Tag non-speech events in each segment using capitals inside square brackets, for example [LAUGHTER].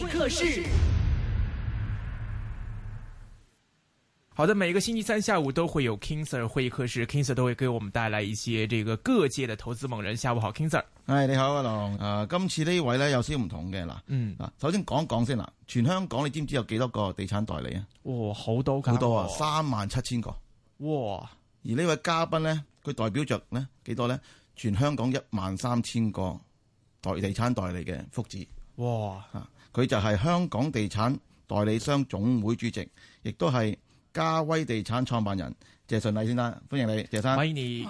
會客室，好的，每個星期三下午都會有 King Sir、er、會議。會客室 King Sir、er、都會給我們帶來一些這個各界的投資猛人。下午好，King、er、Sir、哎。你好阿、啊、龍、呃。今次呢位呢，有些唔同嘅嗱，嗯嗱，首先講一講先啦。全香港你知唔知有幾多個地產代理啊？哇、哦，好多好多啊，三萬七千個。哇、哦，而呢位嘉賓呢，佢代表着呢幾多呢？全香港一萬三千個代地產代理嘅福祉。哇、哦佢就係香港地產代理商總會主席，亦都係嘉威地產創辦人謝順禮先生，歡迎你，謝先生。多，多謝你，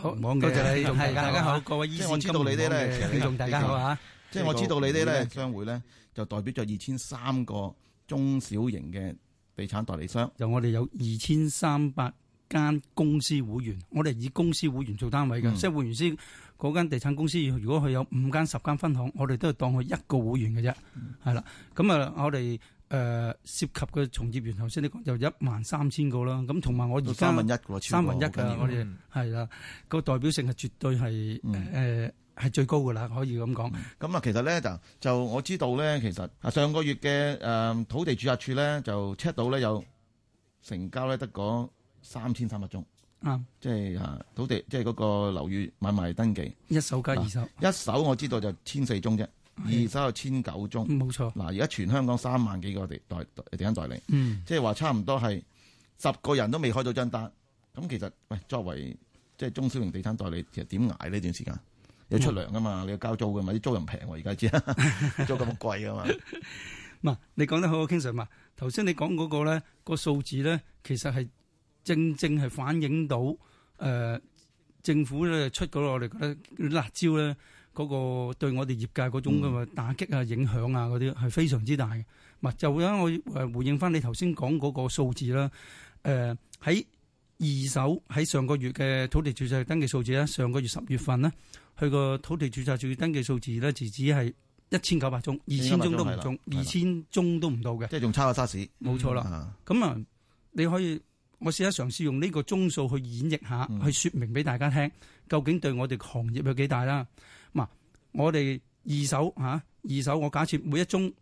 [LAUGHS] 謝你大家好，各位聽眾，即係我知道你哋咧，聽眾大家好嚇。即係我知道你哋咧，商會咧就代表咗二千三個中小型嘅地產代理商。 [LAUGHS] 就我哋有二千三百。間公司會員，我哋以公司會員做單位嘅，即係會員先，嗰間地產公司。如果佢有五間十間分行，我哋都係當佢一個會員嘅啫，係啦。咁啊，我哋誒涉及嘅從業員，頭先你講就有一萬三千個啦。咁同埋我而家三萬一個，超級專業，係啦，個代表性係絕對係誒係最高㗎啦，可以咁、嗯呃、講。咁啊、嗯，其實咧就就我知道咧，其實啊上個月嘅誒土地註冊處咧就 check 到咧有成交咧得個。得嗯三千三百宗，啱、嗯，即係啊土地，即係嗰個樓宇買賣登記，一手加二手、啊，一手我知道就千四宗啫，哎、呀二手千九宗，冇錯。嗱，而家全香港三萬幾個地代地產代理，嗯，即係話差唔多係十個人都未開到張單。咁其實喂，作為即係中小型地產代理，其實點捱呢段時間？要出糧噶嘛，你要交租噶嘛，啲、嗯、租，租唔平喎，而家知啦，租咁貴噶嘛。嗱，你講得好，我傾上嘛。頭先你講嗰個咧個數字咧，其實係。正正係反映到誒、呃、政府咧出嗰、那個落嚟咧辣招咧嗰、那個對我哋業界嗰種咁嘅打擊啊、影響啊嗰啲係非常之大嘅。唔、嗯、就咧我誒回應翻你頭先講嗰個數字啦。誒、呃、喺二手喺上個月嘅土地註冊登記數字咧，上個月十月份呢，佢個土地註冊註登記數字咧，就只係一千九百宗，二千宗都唔中，二千宗，宗都唔到嘅。即係仲差過沙士。冇錯啦。咁啊，你可以。我試一嘗試用呢個宗數去演繹下去說明俾大家聽，究竟對我哋行業有幾大啦？嗱，我哋二手吓，二手我假設每一宗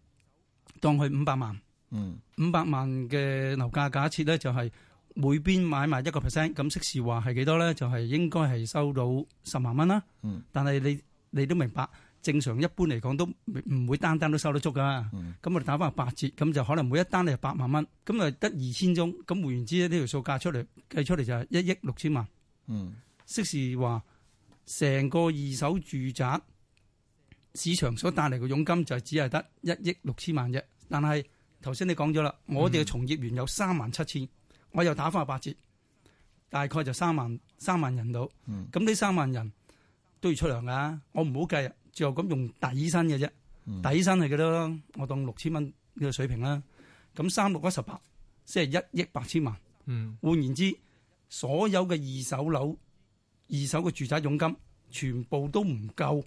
當佢五百萬，五百萬嘅樓價假設咧就係每邊買埋一個 percent，咁即時話係幾多咧？就係應該係收到十萬蚊啦。但係你你都明白。正常一般嚟講都唔會單單都收得足噶。咁、嗯、我哋打翻八折，咁就可能每一單係八萬蚊，咁啊得二千宗，咁換言之呢條數價出嚟計出嚟就係一億六千萬。嗯，即係話成個二手住宅市場所帶嚟嘅佣金就只係得一億六千萬啫。但係頭先你講咗啦，我哋嘅從業員有三萬七千，我又打翻八折，大概就三萬三萬人到。咁呢三萬人都要出糧噶，我唔好計。就後咁用底薪嘅啫，底薪係幾多？我當六千蚊嘅水平啦。咁三六一十八，即係一億八千萬。換言之，所有嘅二手樓、二手嘅住宅佣金，全部都唔夠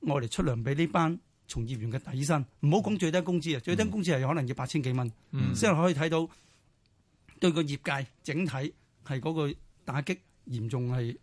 我哋出糧俾呢班從業員嘅底薪。唔好講最低工資啊，最低工資係可能要八千幾蚊。所以可以睇到對個業界整體係嗰個打擊嚴重係。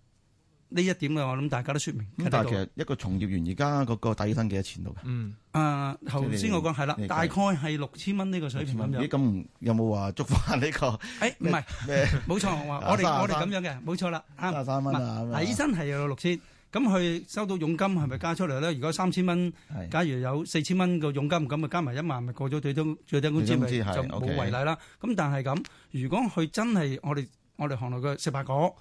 呢一點嘅我諗大家都説明。咁但係其實一個從業員而家個個底薪幾多錢到嘅？嗯，誒頭先我講係啦，大概係六千蚊呢個水平咁樣。咦？咁有冇話捉翻呢個？誒唔係咩？冇錯，我我哋我哋咁樣嘅，冇錯啦。嚇，三蚊啊！底薪係有六千，咁佢收到佣金係咪加出嚟咧？如果三千蚊，假如有四千蚊個佣金，咁咪加埋一萬，咪過咗最低最低工資咪就冇違例啦。咁但係咁，如果佢真係我哋我哋行業嘅十八個。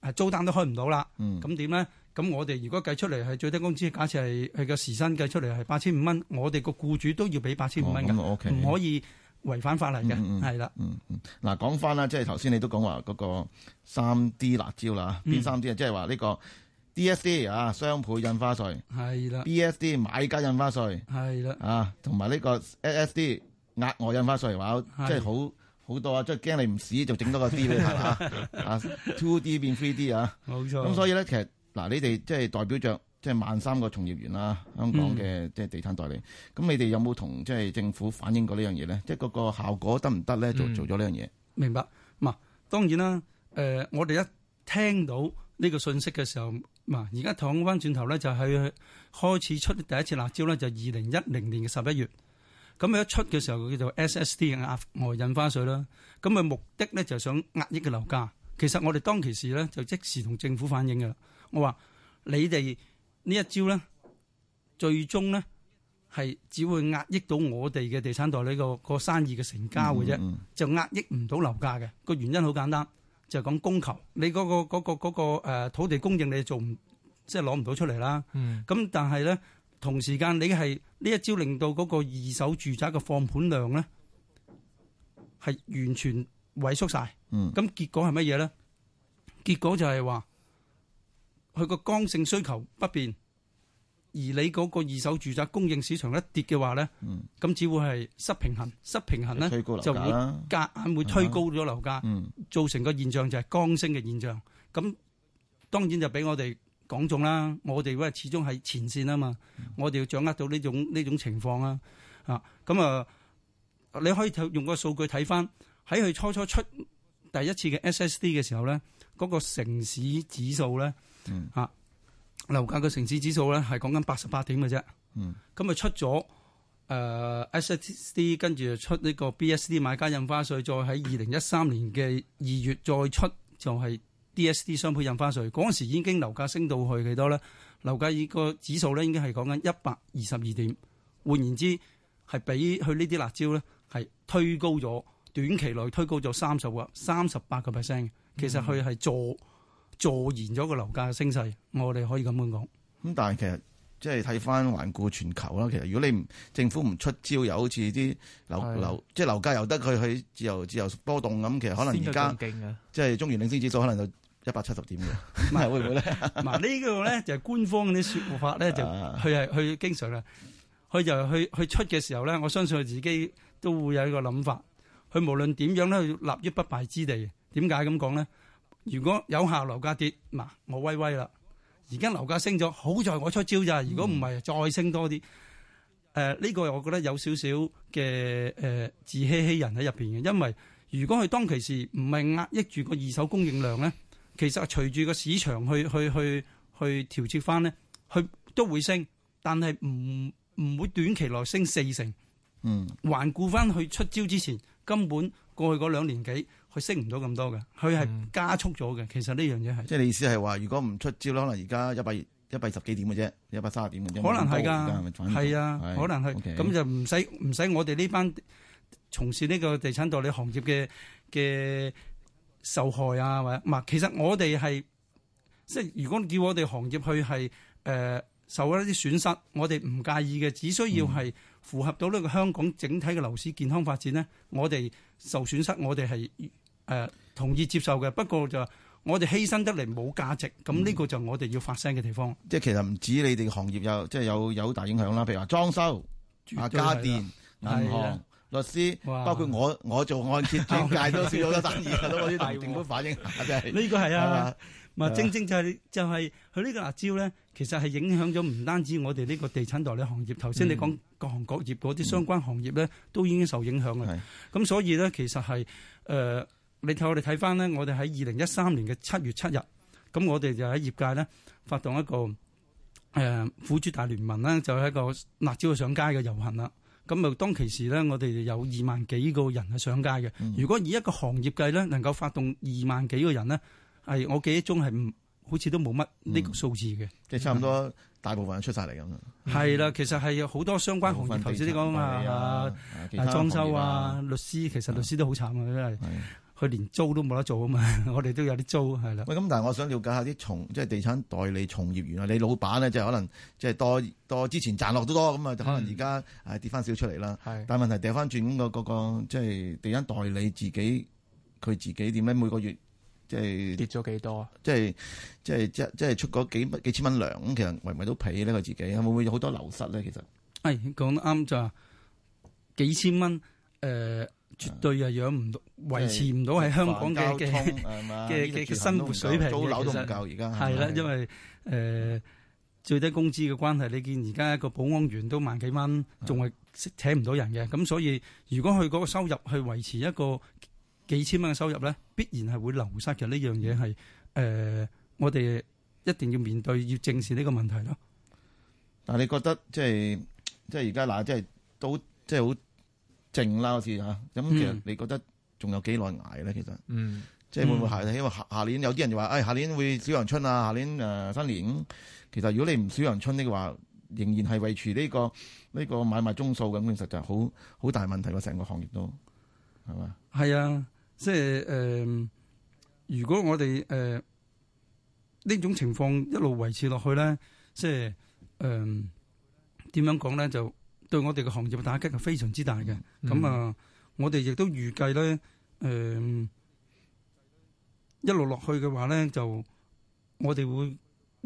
係租單都開唔到啦，咁點咧？咁我哋如果計出嚟係最低工資，假設係係個時薪計出嚟係八千五蚊，我哋個僱主都要俾八千五蚊嘅。唔、哦嗯 okay, 可以違反法例嘅，係啦、嗯。嗯嗱，講翻啦，即係頭先你都講話嗰個三 D 辣椒啦，邊三 D？、嗯、D 啊？即係話呢個 DSD 啊，雙倍印花稅係啦，BSD 買家印花稅係啦，的啊，同埋呢個 SSD 額外印花稅話即係好。的好多啊！即係驚你唔死，就整多個 D 啦，係嘛？啊，two D 變 three D 啊！冇沒錯。咁所以咧，其實嗱，你哋即係代表着即係萬三個從業員啦、啊，香港嘅即係地產代理。咁、嗯、你哋有冇同即係政府反映過呢樣嘢咧？即係嗰個效果得唔得咧？就做咗呢樣嘢。明白。嗱，當然啦。誒，我哋一聽到呢個信息嘅時候，嗱，而家躺翻轉頭咧，就係開始出第一次辣招咧，就係二零一零年嘅十一月。咁佢一出嘅時候，佢叫做 SSD 嘅額外印花稅啦。咁佢目的咧，就想壓抑嘅樓價。其實我哋當其時咧，就即時同政府反映㗎喇。我話你哋呢一招咧，最終咧係只會壓抑到我哋嘅地產代理個個生意嘅成交嘅啫，就壓抑唔到樓價嘅。個原因好簡單，就係講供求。你嗰個嗰個嗰個誒土地供應，你做唔即係攞唔到出嚟啦。咁但係咧。同時間你係呢一招令到嗰個二手住宅嘅放盤量咧，係完全萎縮晒。嗯，咁結果係乜嘢咧？結果就係話佢個剛性需求不變，而你嗰個二手住宅供應市場一跌嘅話咧，咁只會係失平衡，失平衡咧就會夾硬會推高咗樓價，造成個現象就係剛性嘅現象。咁當然就俾我哋。講中啦，我哋喂，始終係前線啊嘛，嗯、我哋要掌握到呢種呢種情況啊，啊咁啊，你可以用個數據睇翻喺佢初初出第一次嘅 SSD 嘅時候咧，嗰、嗰個城市指數咧，嗯、啊樓價嘅城市指數咧係講緊八十八點嘅啫，咁啊出咗誒 SSD，跟住就出呢、呃、個 BSD 買家印花稅，再喺二零一三年嘅二月再出就係、係。D.S.D. 雙倍印花稅嗰陣時已經樓價升到去幾多咧？樓價個指數咧已經係講緊一百二十二點。換言之係比佢呢啲辣椒咧係推高咗，短期內推高咗三十個、三十八個 percent。其實佢係助、嗯、助延咗個樓價嘅升勢。我哋可以咁樣講。咁、嗯、但係其實即係睇翻環顧全球啦。其實如果你唔政府唔出招，又好似啲樓的樓即係樓價由得佢去自由自由波動咁，其實可能而家即係中原領，領先指數可能就。一百七十點嘅，唔係會唔會咧？嗱，呢個咧就係官方啲說法咧，就佢係佢經常啦。佢就去去出嘅時候咧，我相信佢自己都會有一個諗法。佢無論點樣咧，要立於不敗之地。點解咁講咧？如果有效樓價跌，嗱，我威威啦。而家樓價升咗，好在我出招咋。如果唔係再升多啲，誒，呢個我覺得有少少嘅誒自欺欺人喺入邊嘅。因為如果佢當其時唔係壓抑住個二手供應量咧。其實隨住個市場去去去去調節翻呢，佢都會升，但係唔唔會短期內升四成。嗯，環顧翻佢出招之前，根本過去嗰兩年幾，佢升唔到咁多嘅，佢係加速咗嘅。嗯、其實呢樣嘢係即係你意思係話，如果唔出招，可能而家一百一百十幾點嘅啫，一百三十點嘅啫，可能係㗎，係啊的，可能係，咁就唔使唔使我哋呢班從事呢個地產代理行業嘅嘅。受害啊，或者唔係，其實我哋係即係如果叫我哋行業去係誒、呃、受咗一啲損失，我哋唔介意嘅，只需要係符合到呢個香港整體嘅樓市健康發展咧，我哋受損失，我哋係誒同意接受嘅。不過就我哋犧牲得嚟，冇價值，咁呢個就我哋要發聲嘅地方。嗯、即係其實唔止你哋行業有，即係有有大影響啦，譬如話裝修、啊絕對家電、銀行。律師哇包括我，我做按揭中介都少咗生意， [LAUGHS] 的我都一定會反映下嘅。呢個係啊，嘛正正就係、是、就係佢呢個辣招咧，其實係影響咗唔單止我哋呢個地產代理行業，頭先、嗯、你講各行各業嗰啲相關行業咧，都已經受影響啦。咁、嗯、所以咧，其實係誒、呃，你睇我哋睇翻咧，我哋喺二零一三年嘅七月七日，咁我哋就喺業界咧發動一個誒苦主大聯盟啦，就係、是、一個辣招上街嘅遊行啦。咁啊，當其時咧，我哋有二萬幾個人係上街嘅。如果以一個行業計咧，能夠發動二萬幾個人咧，係我記憶中係唔，好似都冇乜呢個數字嘅、嗯。即係差唔多大部分人出晒嚟咁啊。係啦、嗯，其實係好多相關行業，頭先啲講啊，裝修啊，律師，其實律師都好慘嘅、啊，真係。佢連租都冇得做啊嘛！ [LAUGHS] 我哋都有啲租係啦。喂，咁但係我想了解下啲從即係地產代理從業員啊，你老闆咧就可能即係多多之前賺落都多，咁啊就可能而家誒跌翻少出嚟啦。係的。但係問題掉翻轉咁、嗰個,個,個即係地產代理自己佢自己點咧？每個月即係跌咗幾多？即係即係即係出嗰幾幾千蚊糧其實維唔維到皮呢佢自己？會唔會有好多流失咧？其實係講、哎、得啱就係幾千蚊誒。呃呃絕對係養唔到，維持唔到，喺香港嘅嘅嘅嘅生活水平嘅，租樓都唔夠，其實係啦，因為誒最低工資嘅關係，你見而家一個保安員都萬幾蚊，仲係請唔到人嘅。咁所以，如果佢嗰個收入去維持一個幾千蚊嘅收入咧，必然係會流失嘅。呢樣嘢係誒，我哋一定要面對，要正視呢個問題咯。但係你覺得即係即係而家嗱，即係都即係好。勁啦，好似嚇咁。其實你覺得仲有幾耐捱咧？其實，即係會唔會下因為下，下，下年有啲人就話，誒、哎，下年會小陽春啊！下年誒、呃、新年。其實，如果你唔小陽春呢的話，仍然係維持呢、這個呢、這個買賣宗數咁，其實就好好大問題喎、啊！成個行業都係嘛？係啊，即係誒、呃，如果我哋誒呢種情況一路維持落去咧，即係誒點樣講咧就？對我哋嘅行業嘅打擊係非常之大嘅，咁、嗯、啊，我哋亦都預計咧，誒、呃，一路落去嘅話咧，就我哋會呢、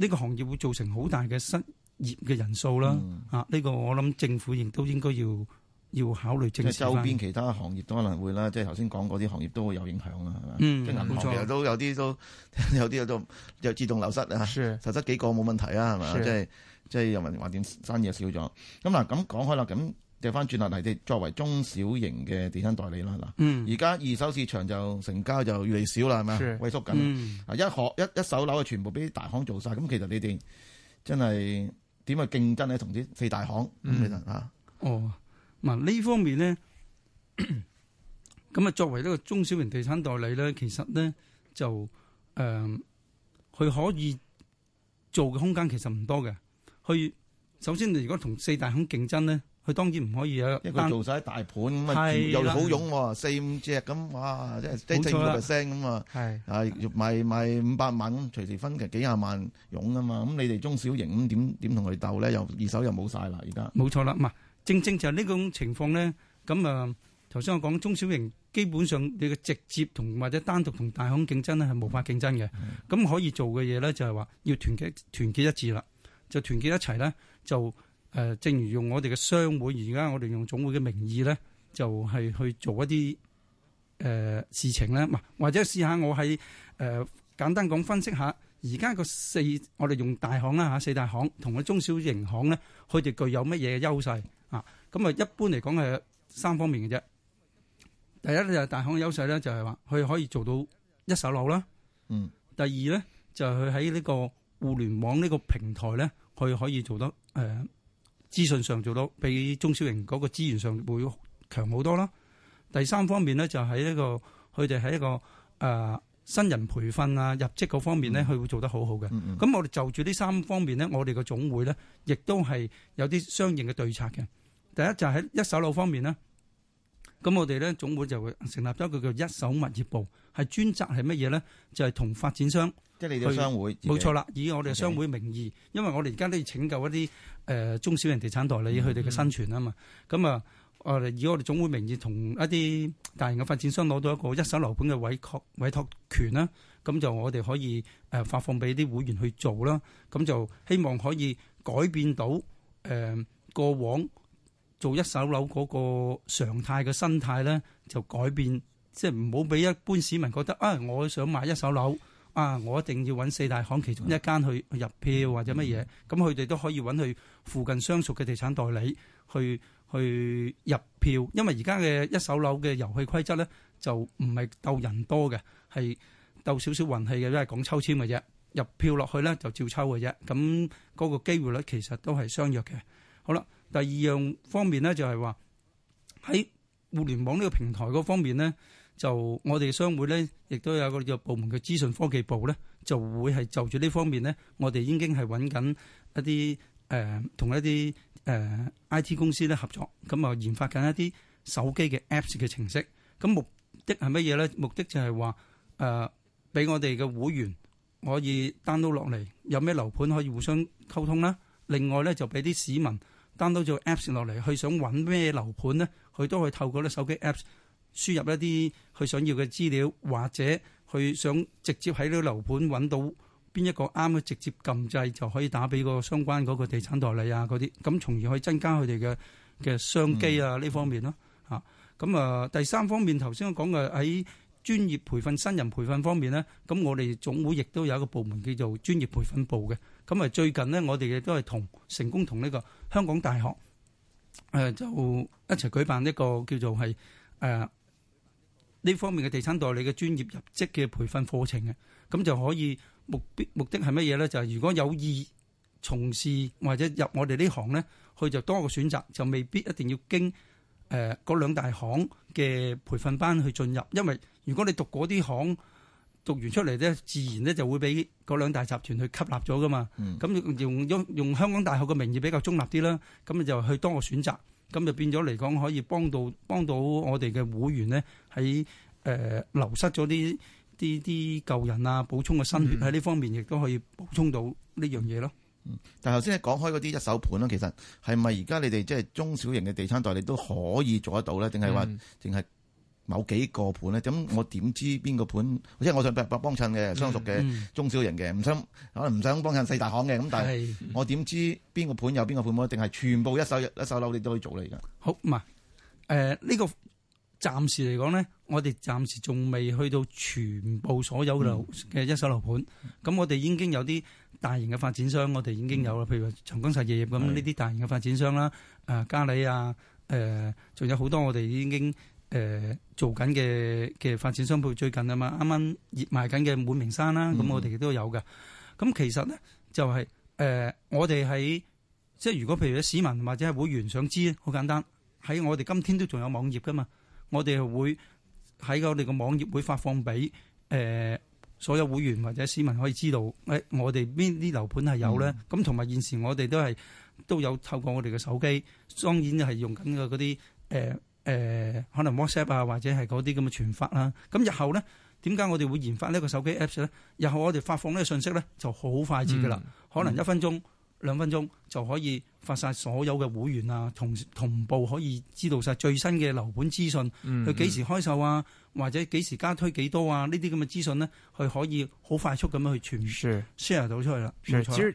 這個行業會造成好大嘅失業嘅人數啦。嗯、啊，呢、這個我諗政府亦都應該要要考慮。即係周邊其他行業都可能會啦，即係頭先講嗰啲行業都會有影響啦，係嘛？嗯，銀行其實都有啲冇錯都有啲有，有自動流失啊，流是失幾個冇問題啊，係嘛？即係是。即係又話話點生意少咗，咁嗱咁講開啦，咁掉翻轉頭嚟，你作為中小型嘅地產代理啦，嗱，而家二手市場就成交就越嚟越少啦，係咪？萎縮緊啊！一可一一手樓啊，全部俾大行做晒，咁其實你哋真係點去競爭咧？同啲四大行其實啊，哦，嗱呢方面咧，咁啊 [COUGHS] 作為呢個中小型地產代理咧，其實咧就誒，佢、呃、可以做嘅空間其實唔多嘅。嗯哦去首先，你如果同四大行競爭咧，佢當然唔可以有的啊。因為佢做晒大盤咁啊，又又好擁四五隻咁，哇！即係即係正一個 percent 咁啊，係啊的，賣賣五百萬咁，隨時分幾幾廿萬擁啊嘛。咁你哋中小型咁點點同佢鬥咧？又二手又冇曬啦，而家冇錯啦。唔係正正就係呢種情況咧。咁啊，頭先我講中小型基本上你嘅直接同或者單獨同大行競爭咧，係無法競爭嘅。咁的可以做嘅嘢咧就係話要團結團結一致啦。就團結一齊咧，就誒，正如用我哋嘅商會，而家我哋用總會嘅名義咧，就係去做一啲誒、呃、事情咧。唔或者試下我喺誒、呃、簡單講分析下，而家個四我哋用大行啦嚇、啊，四大行同個中小型行咧，佢哋具有乜嘢嘅優勢啊？咁啊，一般嚟講係三方面嘅啫。第一咧，就係、大行嘅優勢咧就係話佢可以做到一手樓啦。嗯。第二咧就係佢喺呢個互聯網呢個平台咧。佢可以做得誒、呃、資訊上做到比中小型嗰個資源上會強好多啦。第三方面咧就喺、是、一個佢哋喺一個誒、呃、新人培訓啊、入職嗰方面咧，佢會做得好好嘅。咁、嗯嗯、我哋就住呢三方面咧，我哋個總會咧亦都係有啲相應嘅對策嘅。第一就係一手樓方面咧，咁我哋咧總會就會成立咗一個叫一手物業部，係專責係乜嘢咧？就係、是、同發展商。即係你哋商會，冇錯啦！以我哋商會名義，Okay. 因為我哋而家都要拯救一啲誒、呃、中小型地產代理佢哋嘅生存啊、mm hmm. 嘛。咁、呃、啊，我哋以我哋總會名義，同一啲大型嘅發展商攞到一個一手樓盤嘅委託委託權啦。咁就我哋可以誒、呃、發放俾啲會員去做啦。咁就希望可以改變到誒、呃、過往做一手樓嗰個常態嘅心態咧，就改變，即係唔好俾一般市民覺得啊、哎，我想買一手樓。啊！我一定要揾四大行其中一間去入票或者乜嘢，咁佢哋都可以揾去附近相熟嘅地產代理去去入票。因為而家嘅一手樓嘅遊戲規則咧，就唔係鬥人多嘅，係鬥少少運氣嘅，都係講抽籤嘅啫。入票落去咧就照抽嘅啫。咁、那、嗰個機會率其實都係相若嘅。好啦，第二樣方面咧就係話喺互聯網呢個平台嗰方面咧。就我哋商會咧，亦都有個叫部門嘅資訊科技部咧，就會係就住呢方面咧，我哋已經係揾緊一啲誒同一啲誒、呃、I T 公司咧合作，咁、嗯、啊研發緊一啲手機嘅 Apps 嘅程式。咁目的係乜嘢咧？目的就係話誒，俾、呃、我哋嘅會員可以 download 落嚟，有咩樓盤可以互相溝通啦。另外咧，就俾啲市民 download 咗 Apps 落嚟，去想揾咩樓盤咧，佢都可以透過啲手機 Apps。輸入一啲佢想要嘅資料，或者佢想直接喺呢個樓盤揾到邊一個啱嘅直接撳掣，就可以打俾個相關嗰個地產代理啊嗰啲，咁從而可以增加佢哋嘅嘅商機啊呢、嗯、方面咯嚇。咁啊第三方面，頭先我講嘅喺專業培訓、新人培訓方面呢，咁我哋總會亦都有一個部門叫做專業培訓部嘅。咁啊最近呢，我哋亦都係同成功同呢個香港大學誒、呃、就一齊舉辦一、這個叫做係誒。呃呢方面嘅地產代理嘅專業入職嘅培訓課程嘅，咁就可以目標目的係乜嘢咧？就係、是、如果有意從事或者入我哋呢行咧，佢就多個選擇，就未必一定要經誒嗰兩大行嘅培訓班去進入，因為如果你讀嗰啲行讀完出嚟咧，自然咧就會俾嗰兩大集團去吸納咗噶嘛。咁、嗯、用用，用香港大學嘅名義比較中立啲啦，咁你就去多個選擇。咁就變咗嚟講，可以幫到幫到我哋嘅會員咧，喺誒流失咗啲啲啲舊人啊，補充個新血喺呢方面亦都可以補充到呢樣嘢咯。嗯，但係頭先講開嗰啲一手盤啦，其實係咪而家你哋即係中小型嘅地產代理都可以做得到咧？定係話定係？嗯某幾個盤咧，咁我點知邊個盤？即係我想幫幫襯嘅，相熟嘅中小型嘅，唔想可能唔想幫襯四大行嘅咁。但係、哎、我點知邊個盤有邊個盤冇？一定係全部一手一手樓，你都可以做你㗎。而家好唔係誒？呢、呃呢個暫時嚟講呢，我哋暫時仲未去到全部所有嘅一手樓盤。咁、嗯、我哋已經有啲大型嘅發展商，我哋已經有啦，譬、嗯、如話長江實業咁呢啲大型嘅發展商啦，誒嘉里啊，誒、呃、仲、呃呃、有好多我哋已經。誒、呃、做緊嘅嘅發展商鋪最近啊嘛，啱啱熱賣緊嘅滿名山啦，咁、嗯、我哋亦都有嘅。咁其實咧就係、是、誒、呃，我哋喺即係如果譬如市民或者係會員想知，好簡單，喺我哋今天都仲有網頁噶嘛，我哋會喺我哋個網頁會發放俾誒、呃、所有會員或者市民可以知道，誒、呃、我哋邊啲樓盤係有咧。咁同埋現時我哋都係都有透過我哋嘅手機，當然係用緊嘅嗰啲誒。呃誒、呃、可能 WhatsApp 啊，或者係嗰啲咁嘅傳發啦、啊。咁日後咧，點解我哋會研發呢個手機 Apps 咧？日後我哋發放個訊呢個信息咧，就好快捷噶啦，嗯、可能一分鐘、嗯、兩分鐘就可以發晒所有嘅會員啊，同同步可以知道晒最新嘅樓盤資訊。佢幾、嗯、時開售啊？或者幾時加推幾多啊？呢啲咁嘅資訊咧，佢可以好快速咁樣去傳是 share 到出去啦。冇是錯。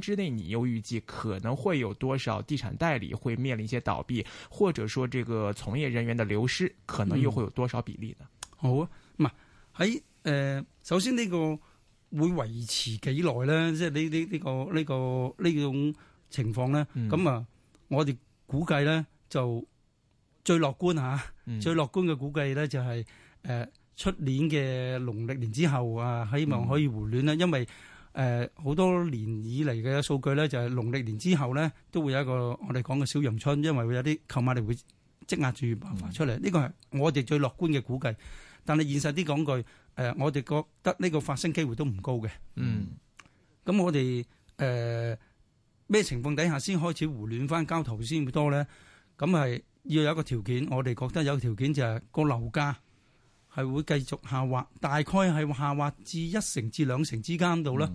之內，你又預計可能會有多少地產代理會面臨一些倒閉，或者說這個從業人員的流失，可能又會有多少比例啊、嗯？好啊，唔係喺誒，首先呢個會維持幾耐呢？即係呢呢呢個呢、呢個呢、呢個、種情況咧？咁、嗯、啊，我哋估計呢就最樂觀吓，最樂觀嘅估計呢，就係誒、啊，出、嗯就係呃、年嘅農曆年之後啊，希望可以回暖啦，嗯、因為。誒好、呃、多年以嚟嘅數據咧，就係、是、農曆年之後咧，都會有一個我哋講嘅小陽春，因為會有啲購買力會積壓住爆發出嚟。呢個係我哋最樂觀嘅估計，但係現實啲講句，誒、呃、我哋覺得呢個發生機會都唔高嘅。嗯，咁我哋誒咩情況底下先開始回暖翻交投先會多咧？咁係要有一個條件，我哋覺得有個條件就係個樓價。係會繼續下滑，大概係下滑至一成至兩成之間度啦。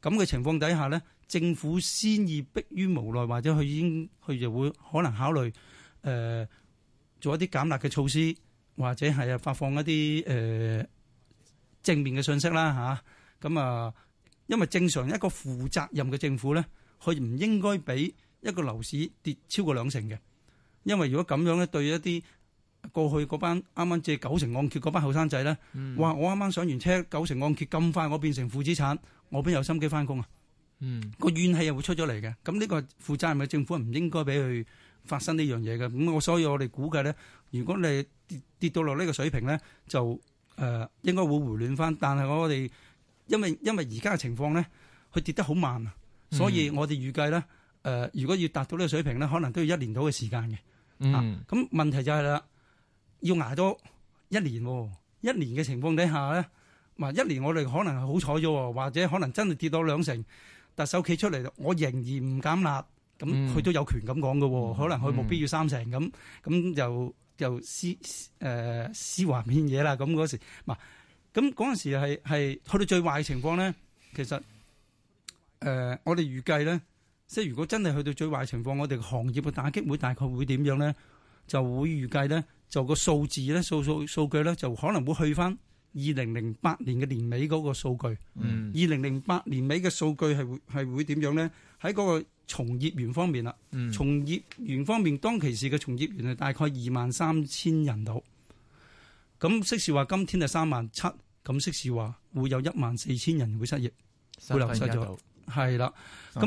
咁嘅、嗯、情況底下咧，政府先至迫於無奈，或者佢已經佢就會可能考慮誒、呃、做一啲減壓嘅措施，或者係發放一啲誒、呃、正面嘅信息啦吓咁啊，因為正常一個負責任嘅政府咧，佢唔應該俾一個樓市跌超過兩成嘅，因為如果咁樣咧，對一啲過去嗰班啱啱借九成按揭嗰班後生仔咧，話我啱啱上完車，九成按揭咁快我變成負資產，我邊有心機翻工啊？嗯、個怨氣又會出咗嚟嘅。咁、嗯、呢、呢個負責任嘅政府唔應該俾佢發生呢樣嘢嘅。咁、嗯、我所以我哋估計咧，如果你跌跌到落呢個水平咧，就誒、呃、應該會回暖翻。但係我哋因為因為而家嘅情況咧，佢跌得好慢，所以我哋預計咧誒、呃，如果要達到呢個水平咧，可能都要一年到嘅時間嘅。啊，咁、嗯嗯嗯嗯、問題就係、係、啦。要捱多一年，一年嘅情況底下咧，嗱一年我哋可能係好彩咗，或者可能真係跌到兩成，特首企出嚟，我仍然唔減辣，咁佢都有權咁講嘅，嗯、可能佢冇必要三成，咁咁、嗯、就就斯誒斯華片嘢啦，咁、呃、嗰時，嗱，咁嗰陣時係係去到最壞嘅情況咧，其實誒、呃、我哋預計咧，即係如果真係去到最壞情況，我哋行業嘅打擊會大概會點樣咧，就會預計咧。就個數字咧，數數數據咧，就可能會去翻二零零八年嘅年尾嗰個數據。嗯，二零零八年尾嘅數據係會係會點樣咧？喺嗰個從業員方面啦，嗯、從業員方面當其時嘅從業員係大概二萬三千人度。咁即是話，今天係三萬七，咁即是話會有一萬四千人會失業，會流失咗。係啦，咁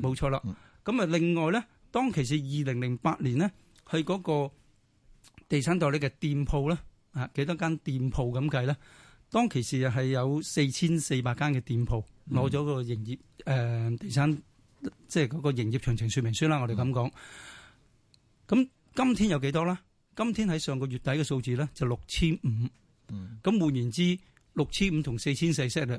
冇、嗯、錯啦。咁啊，另外咧，當其時二零零八年呢，係嗰、嗰個。地產代理嘅店鋪咧，啊，幾多間店鋪咁計咧？當其時係有四千四百間嘅店鋪攞咗個營業，誒、呃，地產即係嗰個營業詳情說明書啦。我哋咁講，咁、嗯、今天有幾多咧？今天喺上個月底嘅數字咧，就六千五。嗯。咁換言之，六千五同四千四息啦，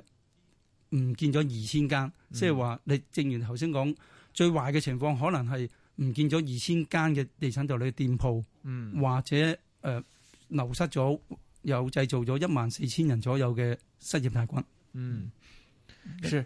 唔見咗二千間，即係話你正如頭先講，最壞嘅情況可能係。唔見咗二千間嘅地產代理嘅店鋪，嗯、或者誒、呃、流失咗，又製造咗一萬四千人左右嘅失業大軍。嗯，是。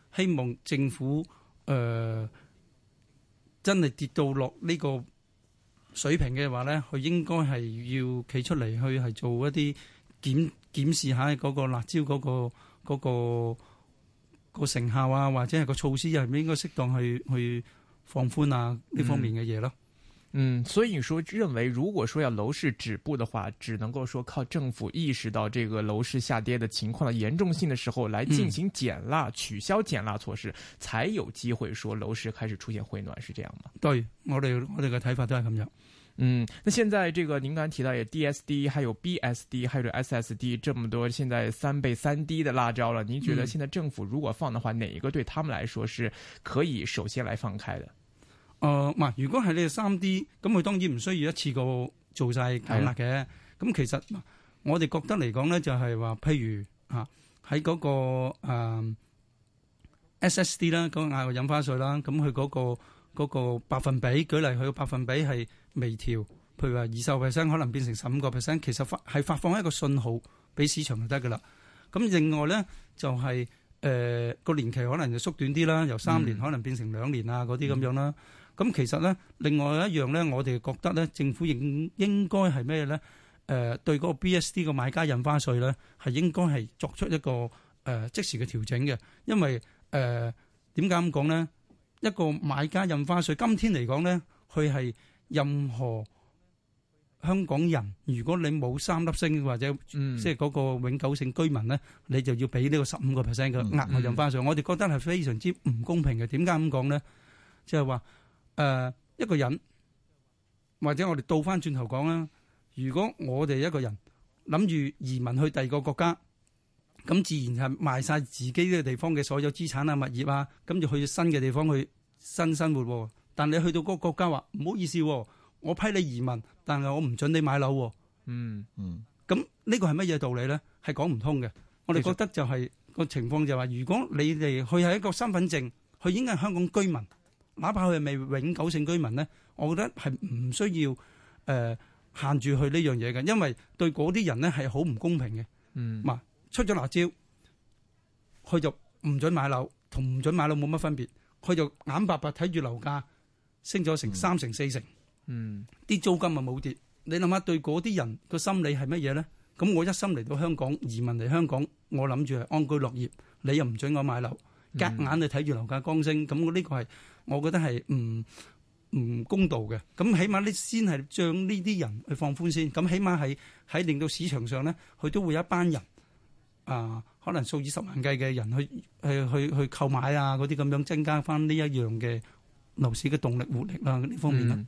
希望政府誒、呃、真係跌到落呢個水平嘅話咧，佢應該係要企出嚟去係做一啲檢檢視下個辣招、嗰個、嗰個、嗰個嗰個成效啊，或者係個措施又係咪應該適當去去放寬啊呢方面嘅嘢咯。嗯嗯，所以你說認為，如果說要樓市止步的話，只能夠說靠政府意識到這個樓市下跌的情況的嚴重性的時候，來進行減辣，嗯、取消減辣措施，才有機會說樓市開始出現回暖，是這樣嗎？對我哋我哋嘅睇法都係咁樣。嗯，那現在這個您剛提到也 D S D，還有 B S D，還有 S S D，這麼多現在三倍、三 D 的辣招了。您覺得現在政府如果放的話，嗯、哪一個對他們來說是可以首先來放開的？誒，唔係、呃、如果係你哋三 D，咁佢當然唔需要一次過做晒解壓嘅。咁的其實我哋覺得嚟講咧，就係話，譬如嚇喺嗰個、呃、SSD 啦，嗰個亞油印花稅啦，咁佢嗰個百分比，舉例佢個百分比係微調，譬如話二十 percent 可能變成十五個 percent，其實發係發放一個信號俾市場就得噶啦。咁另外咧就係誒個年期可能就縮短啲啦，由三年可能變成兩年啊，嗰啲咁樣啦。嗯咁其實咧，另外一樣咧，我哋覺得咧，政府應應該係咩咧？誒，對嗰個 BSD 個買家印花稅咧，係應該係作出一個誒即時嘅調整嘅，因為誒點解咁講咧？一個買家印花稅，今天嚟講咧，佢係任何香港人，如果你冇三粒星或者即係嗰個永久性居民咧，你就要俾呢個十五個 percent 嘅額外印花稅。我哋覺得係非常之唔公平嘅。點解咁講咧？即係話。誒、呃，一個人或者我哋倒翻轉頭講啦。如果我哋一個人諗住移民去第二個國家，咁自然係賣晒自己嘅地方嘅所有資產啊、物業啊，咁就去新嘅地方去新生活，啊。但你去到嗰個國家話唔好意思，啊，我批你移民，但係我唔准你買樓，啊嗯。嗯嗯，咁呢個係乜嘢道理咧？係講唔通嘅。我哋覺得就係、是、個實情況就話，如果你哋去係一個身份證，去應該係香港居民。哪怕佢係未永久性居民咧，我覺得係唔需要誒限住佢呢樣嘢嘅，因為對嗰啲人咧係好唔公平嘅。嗯，嘛出咗辣椒，佢就唔準買樓，同唔準買樓冇乜分別。佢就眼白白睇住樓價升咗成三成四成，嗯，啲租金啊冇跌。你諗下，對嗰啲人個心理係乜嘢咧？咁我一心嚟到香港移民嚟香港，我諗住係安居樂業，你又唔準我買樓，夾硬就睇住樓價剛升，咁我呢個係。我覺得係唔唔公道嘅，咁起碼你先係將呢啲人去放寬先，咁起碼係喺令到市場上咧，佢都會有一班人啊、呃，可能數以十萬計嘅人去去去去購買啊，嗰啲咁樣增加返呢一樣嘅樓市嘅動力活力啊，呢方面咧。嗯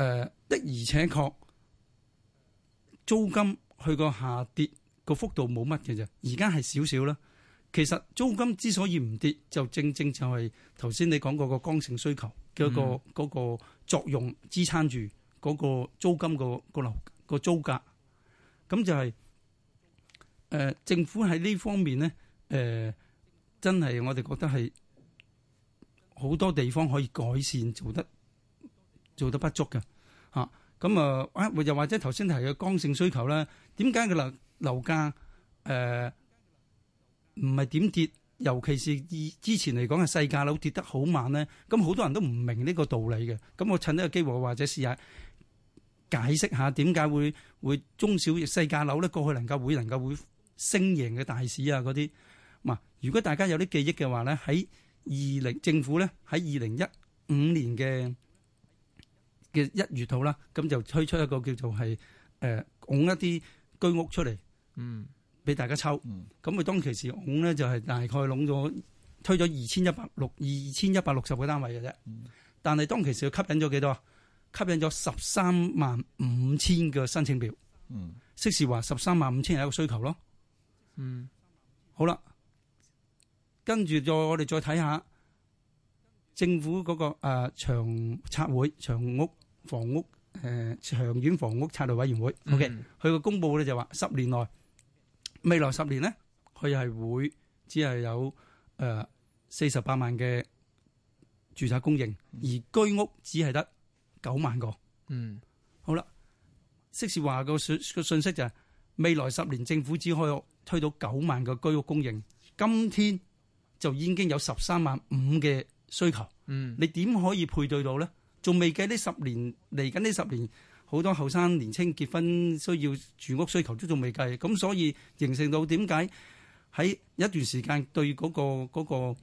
誒，的、呃、而且確，租金佢個下跌個幅度冇乜嘅啫，而家係少少啦。其實租金之所以唔跌，就正正就係頭先你講過個剛性需求、嗯那個嗰、嗰個作用支撐住嗰、嗰個租金個個樓個租價。咁就係、是、誒、呃，政府喺呢方面咧，誒、呃，真係我哋覺得係好多地方可以改善做得。做得不足嘅嚇咁啊，或又或者，頭先提嘅剛性需求咧，點解佢樓樓價誒唔係點跌？尤其是以之前嚟講係細價樓跌得好慢咧，咁好多人都唔明呢個道理嘅。咁我趁呢個機會，或者試下解釋下點解會會中小型細價樓咧過去能夠會能夠會升贏嘅大市啊嗰啲。嘛，如果大家有啲記憶嘅話咧，喺二零政府咧喺二零一五年嘅嘅一月度啦，咁就推出一個叫做係誒，拱、呃、一啲居屋出嚟，嗯，俾大家抽，咁佢、嗯、當其時拱咧就係、是、大概拱咗推咗二千一百六二千一百六十個單位嘅啫，嗯、但係當其時佢吸引咗幾多啊？吸引咗十三萬五千個申請表，即、嗯、是話十三萬五千係一個需求咯。嗯，好啦，跟住再我哋再睇下政府嗰、那個誒長策會長屋。房屋誒長遠房屋策略委員會，OK，佢個公佈咧就話十年內未來十年咧，佢係會只係有誒四十八萬嘅住宅供應，而居屋只係得九萬個。嗯，好啦，即是話個信個信息就係未來十年政府只可以推到九萬個居屋供應，今天就已經有十三萬五嘅需求。嗯，你點可以配對到咧？仲未計呢十年嚟緊呢十年，好多後生年青結婚需要住屋需求都仲未計，咁所以形成到點解喺一段時間對嗰、嗰個嗰、嗰個誒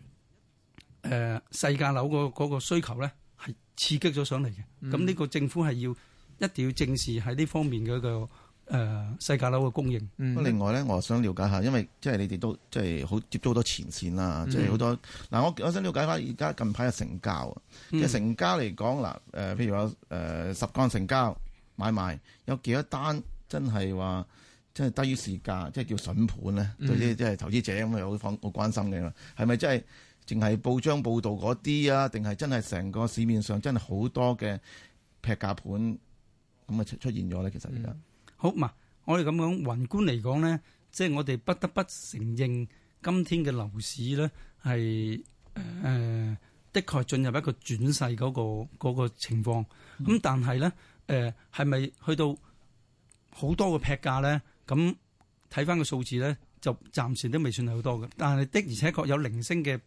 細、呃、價樓個需求咧係刺激咗上嚟嘅，咁呢、嗯、個政府係要一定要正視喺呢方面嘅、嗰個。誒、呃，細價樓嘅供應。咁、嗯、另外咧，我想了解下，因為即係你哋都即係好接觸好多前線、嗯、多啦，即係好多嗱，我我想了解下而家近排嘅成交啊，即係、嗯、成交嚟講嗱，誒、呃，譬如話誒、呃、十間成交買賣，有幾多單真係話真係低於市價，即係叫筍盤咧？嗯、對啲即係投資者咁啊，好方好關心嘅，係咪真係淨係報章報道嗰啲啊？定係真係成個市面上真係好多嘅劈價盤咁啊出出現咗咧？其實而家。嗯好嘛、嗯，我哋咁講，宏觀嚟講咧，即係我哋不得不承認，今天嘅樓市咧係誒，的確進入一個轉勢嗰、嗰個嗰個情況。咁但係咧，誒係咪去到好多個劈價咧？咁睇翻個數字咧，就暫時都未算係好多嘅。但係的而且確有零星嘅誒、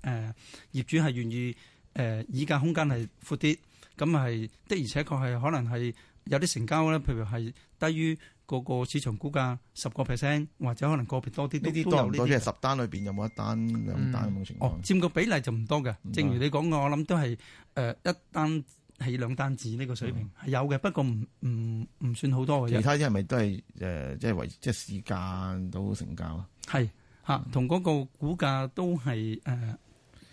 呃、業主係願意誒、呃、議價空間係闊啲，咁係的而且確係可能係。有啲成交咧，譬如係低於個個市場估價十個 percent，或者可能個別多啲，都都有呢啲。多啲係十單裏邊有冇一單兩單咁嘅情況？哦，佔個比例就唔多嘅。正如你講嘅，我諗都係誒一單起兩單字呢個水平係有嘅，不過唔唔唔算好多嘅。其他啲係咪都係誒即係為即係市價都成交啊？係嚇，同嗰個估價都係誒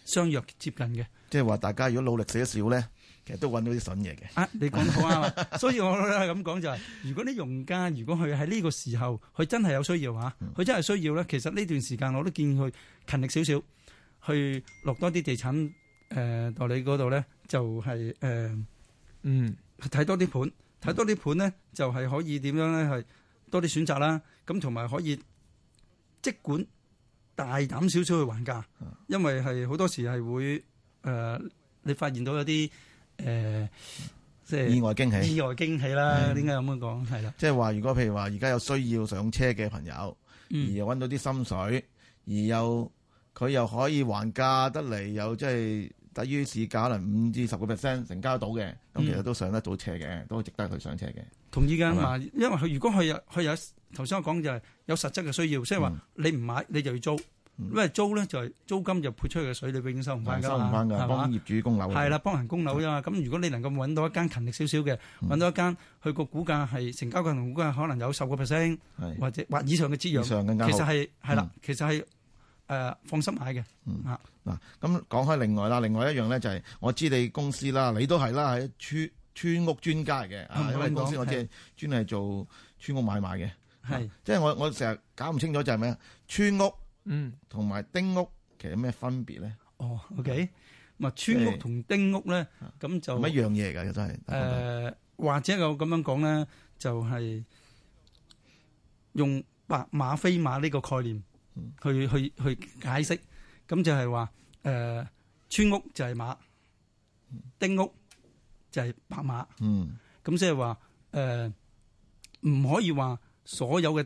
相若接近嘅。即係話大家如果努力寫得少咧？其實都揾到啲筍嘢嘅，啊，你講得好啱啊！ [LAUGHS] 所以我係咁講就係、是，如果你用家如果佢喺呢個時候佢真係有需要啊，佢、嗯、真係需要咧，其實呢段時間我都建議佢勤力少少，去落多啲地產誒代理嗰度咧，就係、是、誒，呃、嗯，睇多啲盤，睇多啲盤咧就係、是、可以點樣咧係多啲選擇啦。咁同埋可以即管大膽少少去還價，因為係好多時係會誒、呃，你發現到有啲。誒，即係、呃就是、意外驚喜，意外驚喜啦，點解咁樣講？係啦，即係話如果譬如話而家有需要上車嘅朋友，嗯、而又揾到啲心水，而又佢又可以還價得嚟，又即係等於市價可能五至十個 percent 成交到嘅，咁其實都上得到車嘅，嗯、都值得佢上車嘅。同意嘅嘛，吧因為佢如果佢有佢有，頭先我講就係有實質嘅需要，即係話你唔買，你就要租。因為租咧就係租金，就撥出去嘅水你永遠收唔翻㗎嘛，係嘛？幫業主供樓係啦，幫人供樓啫嘛。咁如果你能夠揾到一間勤力少少嘅，揾到一間佢個估價係成交價同估價可能有十個 percent 或者或以上嘅資料，其實係係啦，其實係誒放心買嘅。嗱，咁講開另外啦，另外一樣咧就係我知你公司啦，你都係啦，係村村屋專家嘅啊。因為公司我即係專係做村屋買賣嘅，係即係我我成日搞唔清楚就係咩村屋。嗯，同埋丁屋其實有咩分別咧？哦，OK，咁啊，村屋同丁屋咧，咁就唔一樣嘢㗎，嘅真係。誒、呃，或者我咁樣講咧，就係、是、用白馬飛馬呢個概念去、嗯、去去，去解釋，咁就係話誒村屋就係馬，丁屋就係白馬，嗯，咁即係話誒唔可以話所有嘅。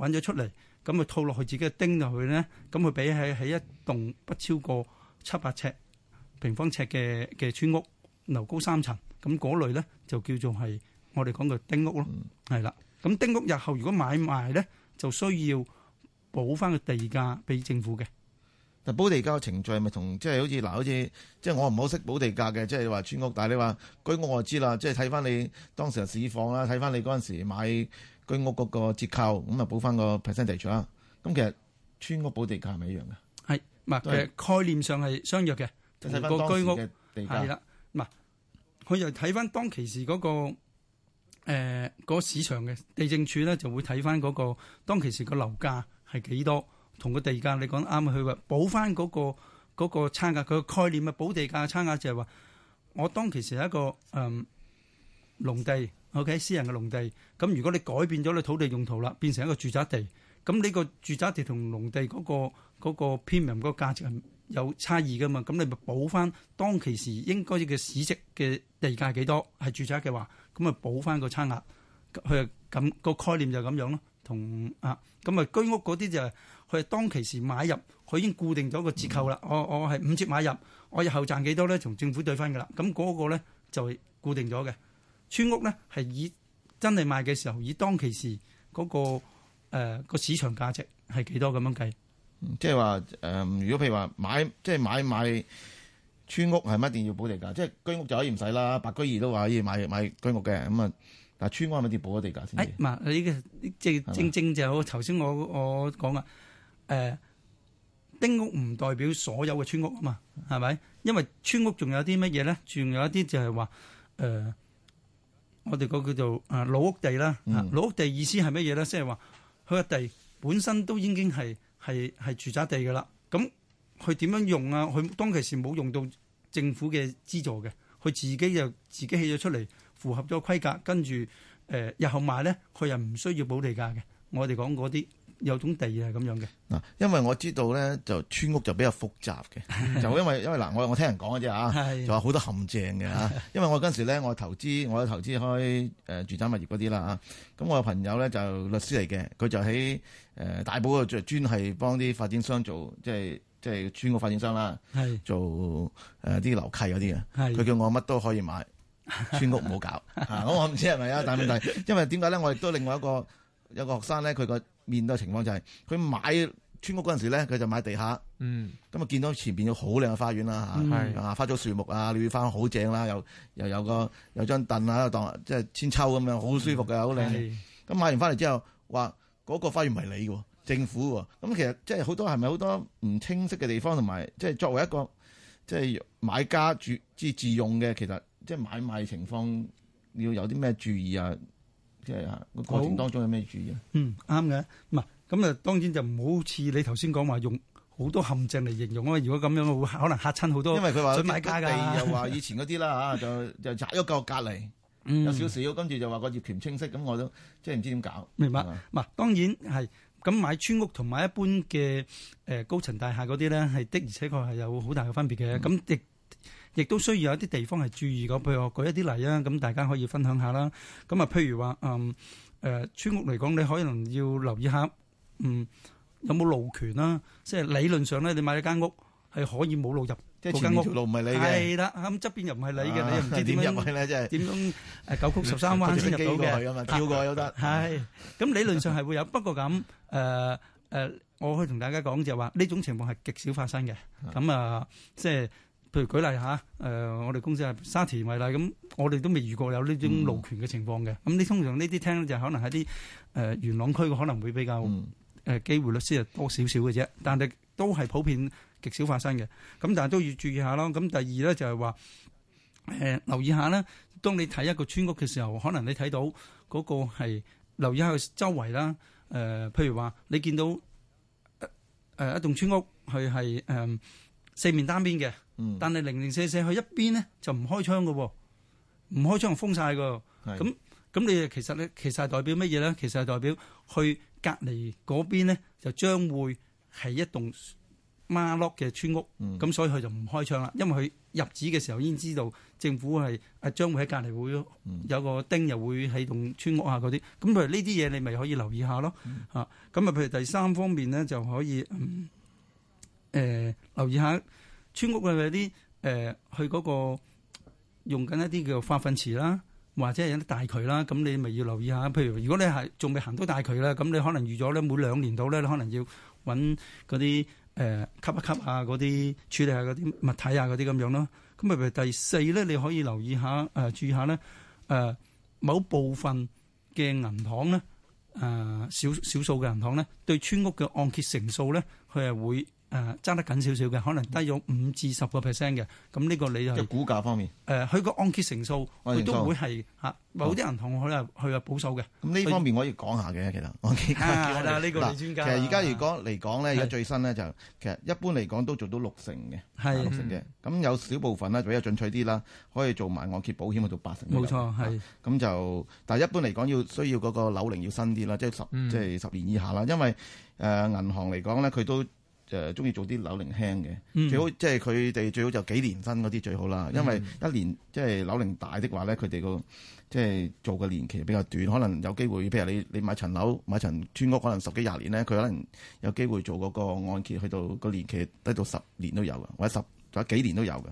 揾咗出嚟，咁咪套落去自己嘅丁入去咧，咁佢俾起喺一棟不超過七百尺平方尺嘅嘅村屋，樓高三層，咁嗰類咧就叫做係我哋講嘅丁屋咯，係啦、嗯。咁丁屋日後如果買賣咧，就需要補翻個地價俾政府嘅。但補地價嘅程序係咪同即係好似嗱，好似即係我唔好識補地價嘅，即係話村屋。但係你話居屋我就知啦，即係睇翻你當時嘅市況啦，睇翻你嗰陣時買。居屋嗰個折扣，咁啊補翻個 percent 地價。咁其實村屋補地價係咪一樣嘅？係的，唔對，概念上係相若嘅。睇翻當時嘅地價啦，唔係，佢又睇翻當其時嗰、嗰個呃嗰個市場嘅地政處咧，就會睇翻嗰個當其時個樓價係幾多，同個地價你講啱，佢話補翻嗰、嗰個差價。佢、那個概念啊，補地價差價就係話，我當其時係一個誒、呃、農地。OK，私人嘅農地，咁如果你改變咗你土地用途啦，變成一個住宅地，咁呢個住宅地同農地嗰個嗰個 premium 個價值係有差異噶嘛？咁你咪補翻當其時應該嘅市值嘅地價係幾多？係住宅嘅話，咁咪補翻個差額。佢係咁個概念就咁樣咯。同啊，咁啊居屋嗰啲就係佢係當其時買入，佢已經固定咗個折扣啦、嗯。我我係五折買入，我以後賺幾多咧？從政府對分噶啦。咁嗰個咧就係固定咗嘅。村屋咧係以真係賣嘅時候，以當其時嗰、那個誒、呃、市場價值係幾多咁樣計？即係話誒，就是呃、如果譬如話買，即、就、係、是、買買村屋係乜一定要補地價？即、就、係、是、居屋就可以唔使啦，白居易都話可以買買居屋嘅咁啊。但村屋係咪跌補地價先？誒、哎，唔係你嘅，即係正正就頭先我我講啊誒，丁屋唔代表所有嘅村屋啊嘛，係咪？因為村屋仲有啲乜嘢咧？仲有一啲就係話誒。呃我哋個叫做啊老屋地啦，老屋地意思係乜嘢咧？即係話佢個地本身都已經係係係住宅地噶啦，咁佢點樣用啊？佢當其時冇用到政府嘅資助嘅，佢自己就自己起咗出嚟，符合咗規格，跟住誒，日後賣咧，佢又唔需要補地價嘅。我哋講嗰啲。有種地啊咁樣嘅嗱，因為我知道咧就村屋就比較複雜嘅， [LAUGHS] 就因為因為嗱，我我聽人講嘅啫啊，就話好多陷阱嘅嚇，因為我嗰陣時咧，我投資我投資開誒住宅物業嗰啲啦啊，咁 [LAUGHS] 我有朋友咧就律師嚟嘅，佢就喺誒大埔度專係幫啲發展商做，即係即係村屋發展商啦， [LAUGHS] [LAUGHS] [LAUGHS] [LAUGHS] 做誒啲樓契嗰啲嘅，佢叫我乜都可以買，村屋唔好搞，咁我唔知係咪啊？但係因為點解咧，我亦都另外一個。笑 [LAUGHS] [LAUGHS] 有個學生咧，佢個面對情況就係、是、佢買村屋嗰陣時咧，佢就買地下。嗯，咁啊見到前邊有好靚嘅花園啦嚇，嗯、啊花草樹木啊，裏邊花園好正啦，又又有個有張凳啊，當即係、就是、千秋咁樣，好舒服嘅，好靚、嗯。咁的買完翻嚟之後，話嗰、那個花園唔係你嘅，政府喎。咁其實即係好多係咪好多唔清晰嘅地方，同埋即係作為一個即係、就是、買家住即係自用嘅，其實即係買賣情況要有啲咩注意啊？即係個過程當中有咩注意啊？嗯，啱嘅。唔啊，咁啊當然就唔好似你頭先講話用好多陷阱嚟形容啦。如果咁樣，會可能嚇親好多。因為佢話啲地又話以前嗰啲啦嚇，就就拆咗個隔離，有少少。嗯、跟住就話個業權清晰，咁我都即係唔知點搞。明白？唔啊嗎，當然係。咁買村屋同埋一般嘅誒、呃、高層大廈嗰啲咧，係的而且確係有好大嘅分別嘅。咁亦、嗯。嗯亦都需要有啲地方係注意嘅，譬如我舉一啲例啊，咁大家可以分享下啦。咁啊，譬如話，嗯，誒，村屋嚟講，你可能要留意下，嗯，有冇路權啦。即係理論上咧，你買咗間屋係可以冇路入即係間屋，條路唔係你嘅。係啦，咁側邊又唔係你嘅，你又唔知點入去咧，即係點樣誒？九曲十三彎先入到嘅嘛，跳過都得。係，咁理論上係會有，不過咁誒誒，我可以同大家講就係話，呢種情況係極少發生嘅。咁啊，即係。譬如舉例下，誒、呃，我哋公司係沙田為例，咁、嗯、我哋都未遇過有呢種路權嘅情況嘅。咁你、嗯、通常呢啲廳就可能喺啲誒元朗區可能會比較誒、呃、機會率先係多少少嘅啫。但係都係普遍極少發生嘅。咁但係都要注意下咯。咁第二咧就係話誒留意下咧，當你睇一個村屋嘅時候，可能你睇到嗰個係留意下佢周圍啦。誒、呃，譬如話你見到誒一、呃、一棟村屋，佢係誒四面單邊嘅。嗯、但係零零四舍去一邊咧，就唔開窗嘅喎、哦，唔開窗就封晒嘅。咁咁是的 你其實咧，其實係代表乜嘢咧？其實係代表去隔籬嗰邊咧，就將會係一棟孖樓嘅村屋。咁、嗯、所以佢就唔開窗啦，因為佢入址嘅時候已經知道政府係啊，將會喺隔籬會有個丁又會喺棟村屋下嗰啲。咁譬如呢啲嘢，你咪可以留意下咯。嗯、啊，咁啊，譬如第三方面咧，就可以誒、嗯呃、留意下。村屋係咪有啲誒、呃，去嗰、那個用緊一啲叫化糞池啦，或者有啲大渠啦，咁你咪要留意下。譬如如果你係仲未行到大渠咧，咁你可能預咗咧，每兩年度咧，你可能要揾嗰啲誒吸一吸啊，嗰啲處理下嗰啲物體啊，嗰啲咁樣咯。咁咪別第四咧，你可以留意下誒、呃、注意下咧誒、呃，某部分嘅銀行咧誒少少數嘅銀行咧，對村屋嘅按揭成數咧，佢係會。誒爭得緊少少嘅，可能低咗五至十個 percent 嘅，咁呢個你係即係股價方面。誒，佢個按揭成數，亦都會係嚇。某啲銀行可能佢係保守嘅。咁呢方面我要講下嘅，其實我記得。係啦，呢個你專家。其實而家如果嚟講咧，而家最新咧就其實一般嚟講都做到六成嘅，六成嘅。咁有少部分咧比較進取啲啦，可以做埋按揭保險去做八成。冇錯，係。咁就但係一般嚟講要需要嗰個樓齡要新啲啦，即係十即係十年以下啦，因為誒銀行嚟講咧佢都。誒中意做啲樓齡輕嘅，嗯、最好即係佢哋最好就幾年新嗰啲最好啦，因為一年即係、就是、樓齡大的話咧，佢哋個即係做嘅年期比較短，可能有機會，譬如你你買層樓買層村屋，可能十幾廿年咧，佢可能有機會做嗰個按揭去到個年期得到十年都有噶，或者十。就幾年都有嘅，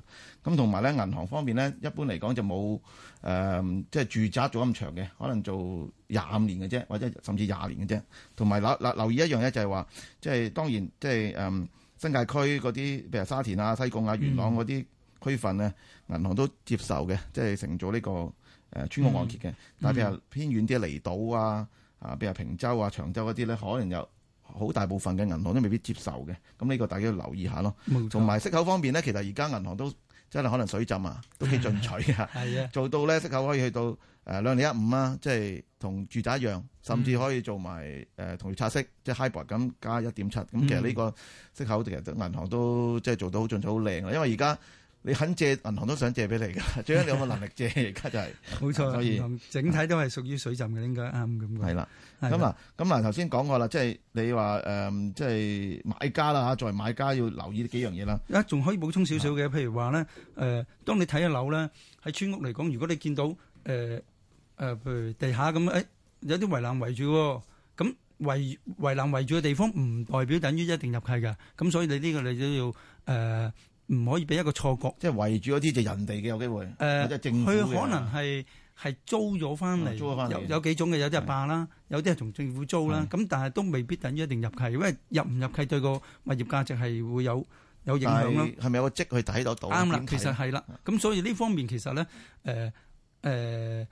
咁同埋咧銀行方面咧，一般嚟講就冇誒、呃，即係住宅做咁長嘅，可能做廿五年嘅啫，或者甚至廿年嘅啫。同埋留留留意一樣嘢就係話，即係當然即係誒、嗯、新界區嗰啲，譬如沙田啊、西貢啊、元朗嗰啲區份咧，銀行都接受嘅，即係承造呢、這個誒、呃、村屋按揭嘅。但係譬如偏遠啲離島啊，啊譬如平洲啊、長洲嗰啲咧，可能有好大部分嘅銀行都未必接受嘅，咁、這、呢個大家要留意下咯。同埋錯息口方面咧，其實而家銀行都真係可能水浸啊，都幾進取啊，的 [LAUGHS] 做到咧息口可以去到誒兩點一五啦，即係同住宅一樣，甚至可以做埋誒、嗯呃、同業拆息，即係 hybrid 咁加一點七。咁其實呢個息口其實都銀行都即係做到好進取、好靚啊。因為而家。你肯借銀行都想借俾你噶，最緊要你有冇能力借，而家就係冇錯，所以整體都係屬於水浸嘅，應該啱咁嘅。係啦，咁啊，咁啊，頭先講過啦，即係你話誒，即係買家啦嚇，作為買家要留意呢幾樣嘢啦。仲可以補充少少嘅，譬如話呢，誒，當你睇下樓咧，喺村屋嚟講，如果你見到誒誒，譬如地下咁，誒有啲圍欄圍住喎，咁圍圍欄圍住嘅地方唔代表等於一定入契㗎，咁所以你呢個你都要誒。唔可以俾一個錯覺，即係圍住嗰啲就人哋嘅，有機會。誒、呃，佢可能係係租咗翻嚟，有租有，有幾種嘅，有啲係霸啦，有啲係從政府租啦。咁的但係都未必等於一定入契，因為入唔入契對個物業價值係會有有影響咯。係咪有個職去睇到到？啱啦了，其實係啦。咁所以呢方面其實咧，誒、呃、誒、呃，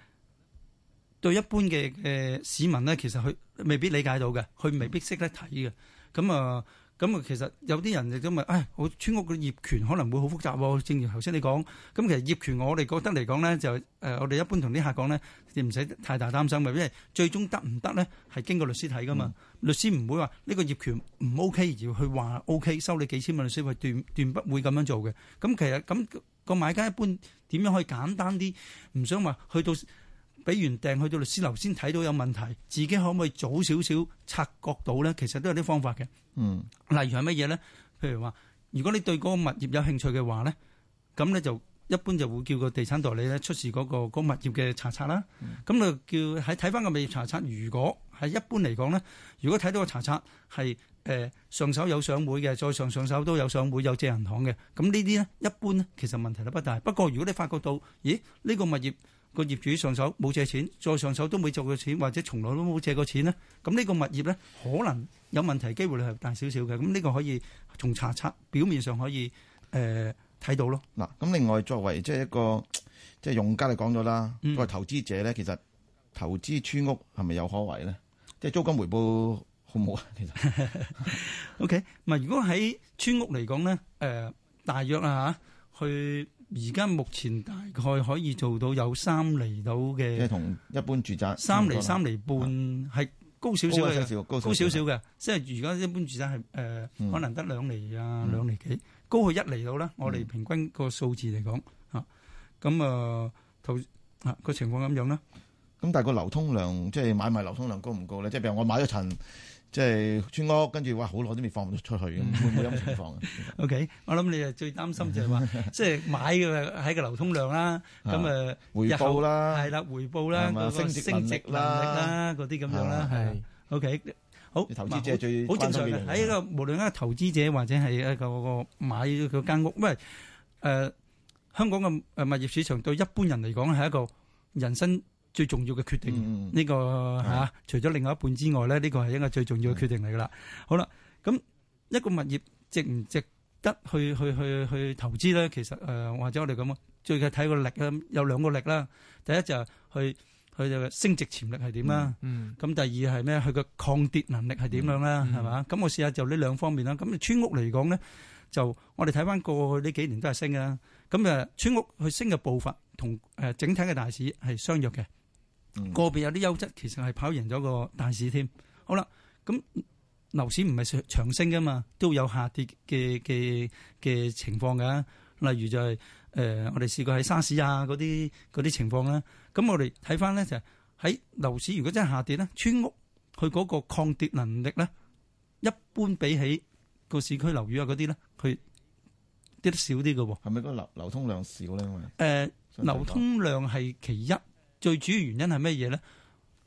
對一般嘅嘅市民咧，其實佢未必理解到嘅，佢未必識得睇嘅。咁啊、嗯。咁啊，其實有啲人就噉話，唉、哎，我村屋嘅業權可能會好複雜喎、哦。正如頭先你講，咁其實業權我哋覺得嚟講咧，就誒，我哋一般同啲客講咧，亦唔使太大擔心嘅，因為最終得唔得咧，係經過律師睇噶嘛。嗯、律師唔會話呢個業權唔 OK 而要去話 OK 收你幾千萬，律師會斷斷，斷不會咁樣做嘅。咁其實咁個買家一般點樣可以簡單啲，唔想話去到。俾完訂去到律師樓先睇到有問題，自己可唔可以早少少察覺到咧？其實都有啲方法嘅。嗯，例如係乜嘢咧？譬如話，如果你對嗰個物業有興趣嘅話咧，咁咧就一般就會叫個地產代理咧出示嗰個物業嘅查冊啦。咁、嗯、就叫喺睇翻個物業查冊，如果係一般嚟講咧，如果睇到個查冊係誒、呃、上手有上會嘅，再上上手都有上會有借銀行嘅，咁呢啲咧一般咧其實問題都不大。不過如果你發覺到，咦呢、呢個物業，個業主上手冇借錢，再上手都冇借過錢，或者從來都冇借過錢咧，咁呢個物業咧可能有問題，機會係大少少嘅。咁呢個可以從查冊表面上可以誒睇到咯。嗱，咁另外作為即係一個即係用家嚟講咗啦，作為投資者咧，其實投資村屋係咪有可為咧？即係租金回報好唔好啊？其實 OK，唔係如果喺村屋嚟講咧，誒大約啊嚇去。而家目前大概可以做到有三厘到嘅，嗯、即係同一般住宅三厘、三厘半係高少少嘅，高少少嘅。即係而家一般住宅係誒，可能得兩厘啊，嗯、兩厘幾高去一厘到啦。我哋平均個數字嚟講、嗯嗯、啊，咁啊，頭啊個情況咁樣啦。咁但係個流通量，即係買賣流通量高唔高咧？即係譬如我買咗層。即係村屋，跟住哇，好耐都未放得出去，會唔會咁情況？OK，我諗你啊最擔心就係話，即係買嘅喺個流通量啦，咁啊回報啦，係啦，回報啦，個個升值能力啦，嗰啲咁樣啦，係。OK，好投資者最好正常喺一個無論一個投資者或者係一個個買咗間屋，因為誒香港嘅誒物業市場對一般人嚟講係一個人生。最重要嘅決定呢個嚇，除咗另外一半之外咧，呢個係一個最重要嘅決定嚟㗎啦。好啦，咁一個物業值唔值得去去去去投資咧？其實誒，或者我哋咁啊，最緊要睇個力啦，有兩個力啦。第一就係去佢嘅升值潛力係點啦，咁第二係咩？佢嘅抗跌能力係點樣咧？係嘛？咁我試下就呢兩方面啦。咁村屋嚟講咧，就我哋睇翻過去呢幾年都係升啦。咁誒，村屋去升嘅步伐同誒整體嘅大市係相若嘅。嗯、個別有啲優質，其實係跑贏咗個大市添。好啦，咁樓市唔係長長升噶嘛，都有下跌嘅嘅嘅情況噶。例如就係、是、誒、呃，我哋試過喺沙士啊嗰啲啲情況啦。咁我哋睇翻咧就係喺樓市，如果真係下跌咧，村屋佢嗰個抗跌能力咧，一般比起個市區樓宇啊嗰啲咧，佢跌得少啲嘅。係咪個流流通量少咧？誒、呃，流通量係其一。最主要原因係乜嘢咧？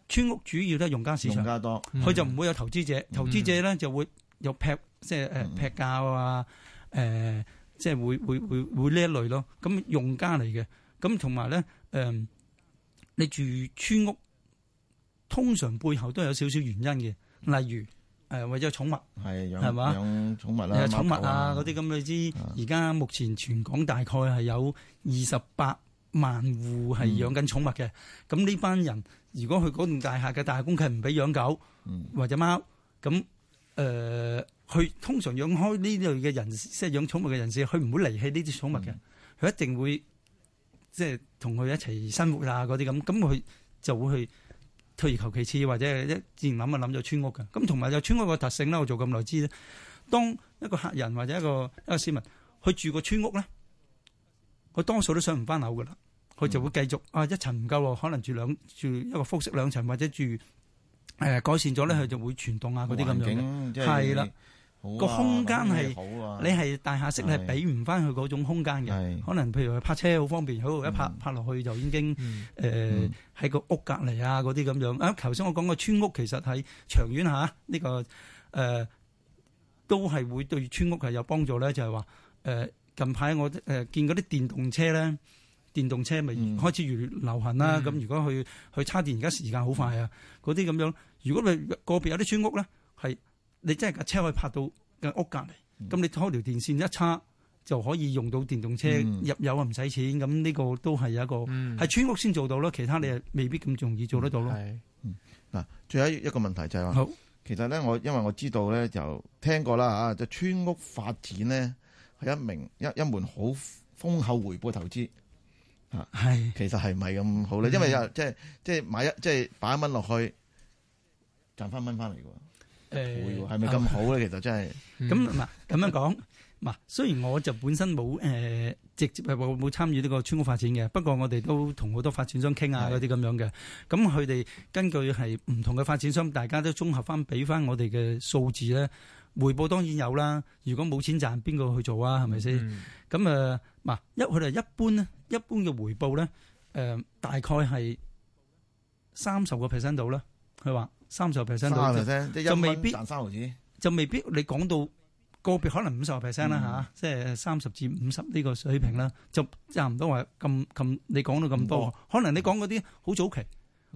村屋主要都係用家市場，用家多，佢、嗯、就唔會有投資者。嗯、投資者咧就會有劈，即係誒，劈價啊，誒即係會會會會呢一類咯。咁用家嚟嘅，咁同埋咧誒，你住村屋通常背後都有少少原因嘅，例如誒或者寵物，係養係嘛，養寵物啦，吧寵物啊嗰啲咁你知，而家、啊啊、目前全港大概係有二十八萬戶係養緊寵物嘅，咁呢、嗯、班人如果佢嗰段大廈嘅大公契唔俾養狗或者貓，咁誒、嗯，佢、呃、通常養開呢類嘅人士，即係養寵物嘅人士，佢唔會離棄呢啲寵物嘅，佢、嗯、一定會即係同佢一齊生活啊嗰啲咁，咁佢就會去退而求其次，或者一自然諗啊諗咗村屋嘅，咁同埋有村屋嘅特性啦，我做咁耐知咧，當一個客人或者一個一個市民去住個村屋咧。佢多數都上唔翻樓噶啦，佢就會繼續啊一層唔夠可能住兩住一個複式兩層或者住誒改善咗咧，佢就會全棟啊嗰啲咁樣嘅，係啦，個空間係你係大廈式係畀唔翻佢嗰種空間嘅。可能譬如佢泊車好方便，喺度一泊泊落去就已經誒喺個屋隔籬啊嗰啲咁樣。啊頭先我講個村屋其實喺長遠嚇呢個誒都係會對村屋係有幫助咧，就係話誒。近排我誒見嗰啲電動車咧，電動車咪開始越流行啦。咁、嗯、如果去去插電，而家時間好快啊。嗰啲咁樣，如果你個別有啲村屋咧，係你真係架車可以拍到架屋隔離，咁、嗯、你拖條電線一叉，就可以用到電動車、嗯、入油啊，唔使錢。咁呢個都係一個係、嗯、村屋先做到咯，其他你啊未必咁容易做得到咯。嗱、嗯嗯，最有一個問題就係、是、話，好其實咧，我因為我知道咧，就聽過啦嚇，就村屋發展咧。係一名一一門好豐厚回報投資嚇，係的其實係咪咁好咧？的因為又即係即係買一即係擺一蚊落去賺翻蚊翻嚟嘅喎，誒，係咪咁好咧？其實真係咁嗱，咁、嗯、樣講嗱，雖然我就本身冇誒直接係冇冇參與呢個村屋發展嘅，不過我哋都同好多發展商傾下嗰啲咁樣嘅，咁佢哋根據係唔同嘅發展商，大家都綜合翻俾翻我哋嘅數字咧。回報當然有啦，如果冇錢賺，邊個去做啊？係咪先？咁啊，嗱，一佢哋一般咧，一般嘅回報咧，誒，大概係三十個 percent 到啦。佢話三十個 percent 到，就未必賺三毫子，就未必你講到個別可能五十個 percent 啦吓，即係三十至五十呢個水平啦，就差唔多話咁咁。你講到咁多，可能你講嗰啲好早期，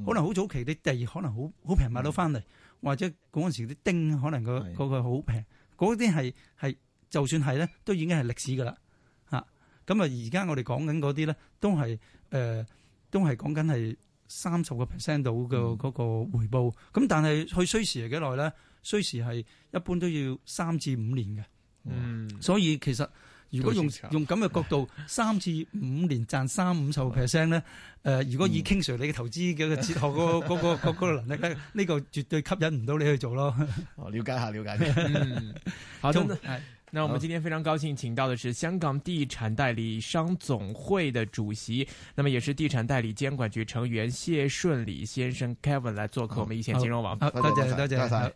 可能好早期你第二可能好好平買到翻嚟。或者嗰陣時啲丁可能個嗰個好平，嗰啲係係就算係咧，都已經係歷史㗎喇吓。咁啊，而家我哋講緊嗰啲咧，都係誒、呃，都係講緊係三十個 percent 度嘅嗰個回報。咁、嗯、但係去需時幾耐咧？需時係一般都要三至五年嘅。嗯，所以其實。如果用用咁嘅角度，三至五年賺三五十個 percent 咧，誒、呃，如果以 King Sir 你嘅投資嘅哲學個、那個、那個能力咧，呢、那個那個那個絕對吸引唔到你去做咯。哦，了解下，了解下。嗯、好，咁，哎、那我們今天非常高興，請到的是香港地產代理商總會的主席，那麼也是地產代理監管局成員謝順禮先生 Kevin 來做客我們一線金融網。多、啊、謝多謝。